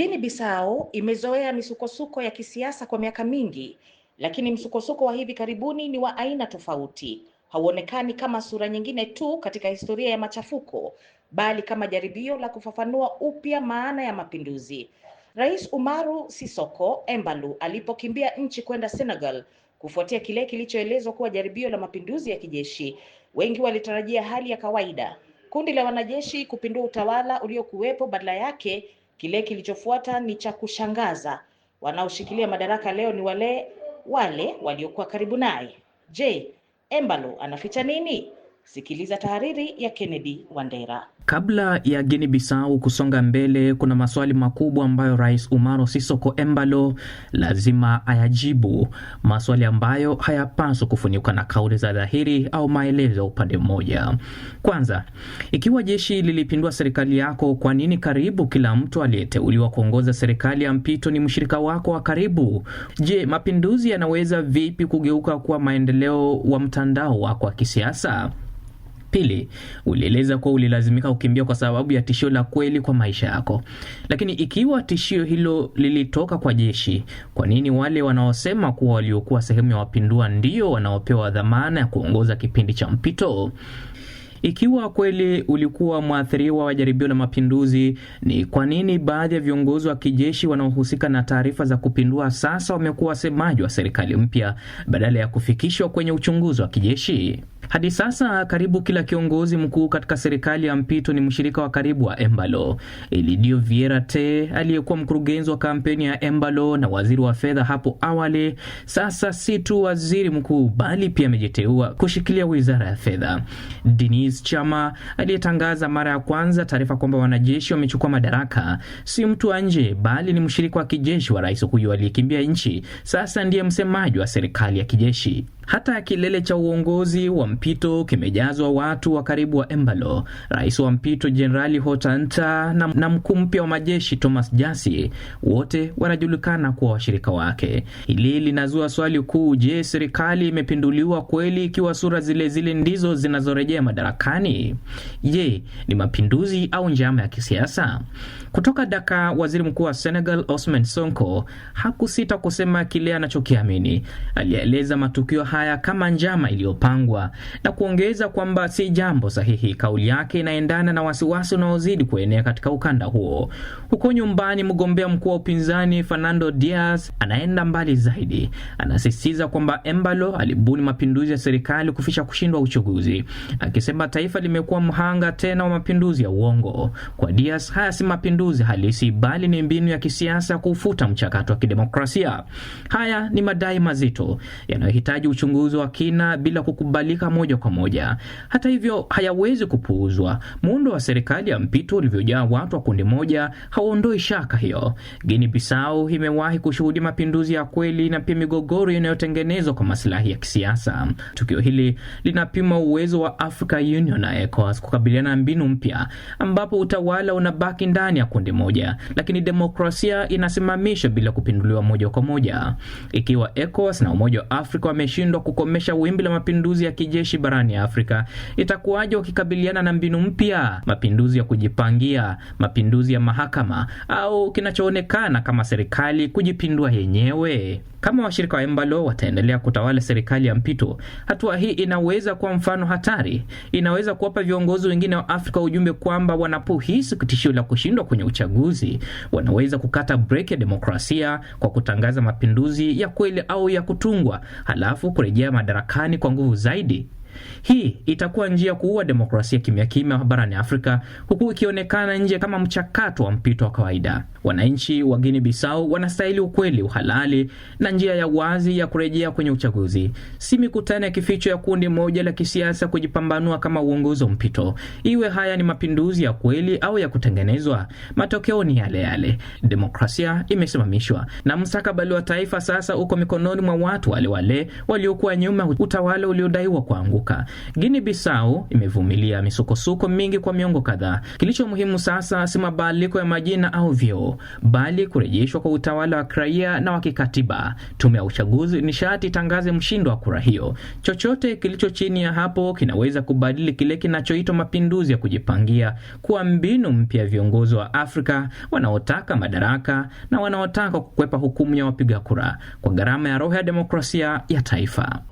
Guinea Bissau imezoea misukosuko ya kisiasa kwa miaka mingi, lakini msukosuko wa hivi karibuni ni wa aina tofauti. Hauonekani kama sura nyingine tu katika historia ya machafuko, bali kama jaribio la kufafanua upya maana ya mapinduzi. Rais Umaru Sisoko embalu alipokimbia nchi kwenda Senegal kufuatia kile kilichoelezwa kuwa jaribio la mapinduzi ya kijeshi, wengi walitarajia hali ya kawaida, kundi la wanajeshi kupindua utawala uliokuwepo, badala yake Kile kilichofuata ni cha kushangaza. Wanaoshikilia madaraka leo ni wale wale waliokuwa karibu naye. Je, Embalo anaficha nini? Sikiliza tahariri ya Kennedy Wandera. Kabla ya Gini bisau kusonga mbele, kuna maswali makubwa ambayo Rais Umaro Sisoko Embalo lazima ayajibu, maswali ambayo hayapaswi kufunikwa na kauli za dhahiri au maelezo ya upande mmoja. Kwanza, ikiwa jeshi lilipindua serikali yako, kwa nini karibu kila mtu aliyeteuliwa kuongoza serikali ya mpito ni mshirika wako wa karibu? Je, mapinduzi yanaweza vipi kugeuka kuwa maendeleo wa mtandao wako wa kisiasa? Pili, ulieleza kuwa ulilazimika kukimbia kwa sababu ya tishio la kweli kwa maisha yako. Lakini ikiwa tishio hilo lilitoka kwa jeshi, kwa nini wale wanaosema kuwa waliokuwa sehemu ya wapindua ndio wanaopewa dhamana ya kuongoza kipindi cha mpito? Ikiwa kweli ulikuwa mwathiriwa wa jaribio la mapinduzi, ni kwa nini baadhi ya viongozi wa kijeshi wanaohusika na taarifa za kupindua sasa wamekuwa wasemaji wa serikali mpya badala ya kufikishwa kwenye uchunguzi wa kijeshi? Hadi sasa karibu kila kiongozi mkuu katika serikali ya mpito ni mshirika wa karibu wa Embalo. Elidio Viera Te aliyekuwa mkurugenzi wa kampeni ya Embalo na waziri wa fedha hapo awali, sasa si tu waziri mkuu bali pia amejiteua kushikilia wizara ya fedha. denis Chama aliyetangaza mara ya kwanza taarifa kwamba wanajeshi wamechukua madaraka, si mtu wa nje bali ni mshirika wa kijeshi wa rais huyu aliyekimbia nchi, sasa ndiye msemaji wa serikali ya kijeshi. Hata kilele cha uongozi wa mpito kimejazwa watu wa karibu wa Embalo, rais wa mpito Jenerali Hotanta na, na mkuu mpya wa majeshi Thomas Jasi, wote wanajulikana kuwa washirika wake. Hili linazua swali kuu: je, serikali imepinduliwa kweli ikiwa sura zile zile ndizo zinazorejea madarakani? Je, ni mapinduzi au njama ya kisiasa? Kutoka Daka, waziri mkuu wa Senegal Osman Sonko hakusita kusema kile anachokiamini. Alieleza matukio haya haya kama njama iliyopangwa na kuongeza kwamba si jambo sahihi. Kauli yake inaendana na wasiwasi unaozidi kuenea katika ukanda huo. Huko nyumbani, mgombea mkuu wa upinzani Fernando Diaz anaenda mbali zaidi, anasisitiza kwamba Embalo alibuni mapinduzi ya serikali kufisha kushindwa uchaguzi, akisema taifa limekuwa mhanga tena wa mapinduzi ya uongo. Kwa Diaz, haya si mapinduzi halisi, bali ni mbinu ya kisiasa kufuta mchakato wa kidemokrasia. Haya ni madai mazito yanayohitaji uchunguzi wa kina bila kukubalika moja kwa moja. Hata hivyo, hayawezi kupuuzwa. Muundo wa serikali ya mpito ulivyojaa watu wa kundi moja hauondoi shaka hiyo. Gini bisau imewahi kushuhudia mapinduzi ya kweli na pia migogoro inayotengenezwa kwa masilahi ya kisiasa. Tukio hili linapima uwezo wa Africa Union na ECOWAS kukabiliana na mbinu mpya ambapo utawala unabaki ndani ya kundi moja, lakini demokrasia inasimamishwa bila kupinduliwa moja kwa moja. Ikiwa ECOWAS na Umoja wa Afrika wameshindwa kushindwa kukomesha wimbi la mapinduzi ya kijeshi barani Afrika, itakuwaje wakikabiliana na mbinu mpya, mapinduzi ya kujipangia, mapinduzi ya mahakama, au kinachoonekana kama serikali kujipindua yenyewe? Kama washirika wa Embalo wataendelea kutawala serikali ya mpito, hatua hii inaweza kuwa mfano hatari. Inaweza kuwapa viongozi wengine wa Afrika ujumbe kwamba wanapohisi tishio la kushindwa kwenye uchaguzi, wanaweza kukata breki ya demokrasia kwa kutangaza mapinduzi ya kweli au ya kutungwa, halafu kurejea madarakani kwa nguvu zaidi. Hii itakuwa njia ya kuua demokrasia kimya kimya barani Afrika, huku ikionekana nje kama mchakato wa mpito wa kawaida. Wananchi wa Guinea Bissau wanastahili ukweli, uhalali na njia ya wazi ya kurejea kwenye uchaguzi, si mikutano ya kificho ya kundi moja la kisiasa kujipambanua kama uongozi wa mpito. Iwe haya ni mapinduzi ya kweli au ya kutengenezwa, matokeo ni yale yale. Demokrasia imesimamishwa na mstakabali wa taifa sasa uko mikononi mwa watu wale wale waliokuwa nyuma utawala uliodaiwa kuanguka. Guinea Bissau imevumilia misukosuko mingi kwa miongo kadhaa. Kilicho muhimu sasa si mabadiliko ya majina au vyoo, bali kurejeshwa kwa utawala wa kiraia na wa kikatiba. Tume ya uchaguzi nishati tangaze mshindo wa kura hiyo. Chochote kilicho chini ya hapo kinaweza kubadili kile kinachoitwa mapinduzi ya kujipangia kuwa mbinu mpya ya viongozi wa Afrika wanaotaka madaraka na wanaotaka kukwepa hukumu ya wapiga kura kwa gharama ya roho ya demokrasia ya taifa.